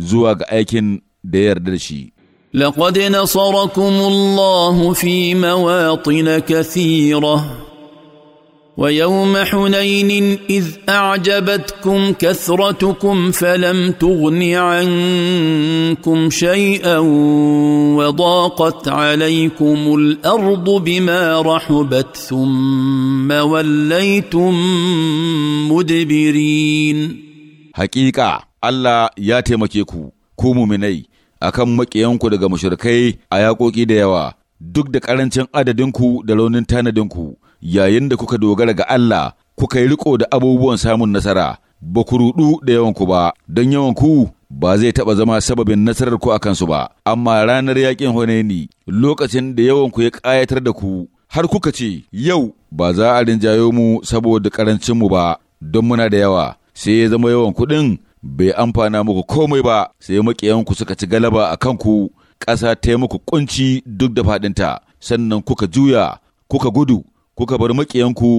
زواج أكن دير da لقد نصركم الله في مواطن كثيره ويوم حنين اذ اعجبتكم كثرتكم فلم تغن عنكم شيئا وضاقت عليكم الارض بما رحبت ثم وليتم مدبرين حقيقه Allah ya taimake ku, ku muminai, akan maƙiyanku daga mashirkai a yaƙoƙi da yawa, duk da ƙarancin adadinku da raunin tanadinku, yayin da kuka dogara ga Allah, kuka yi riko da abubuwan samun nasara, ba ku ruɗu da yawanku ba, don yawanku ba zai taɓa zama sababin nasarar ku a kansu ba, amma ranar yaƙin Hunaini, lokacin da yawanku ya ƙayatar da ku, har kuka ce, Yau ba za a rinjayo mu saboda ƙarancinmu ba, don muna da yawa, sai ya zama yawan kuɗin bai amfana muku komai ba sai maƙiyanku suka ci galaba a kanku ƙasa ta yi muku kunci duk da faɗinta sannan kuka juya kuka gudu kuka bar maƙiyanku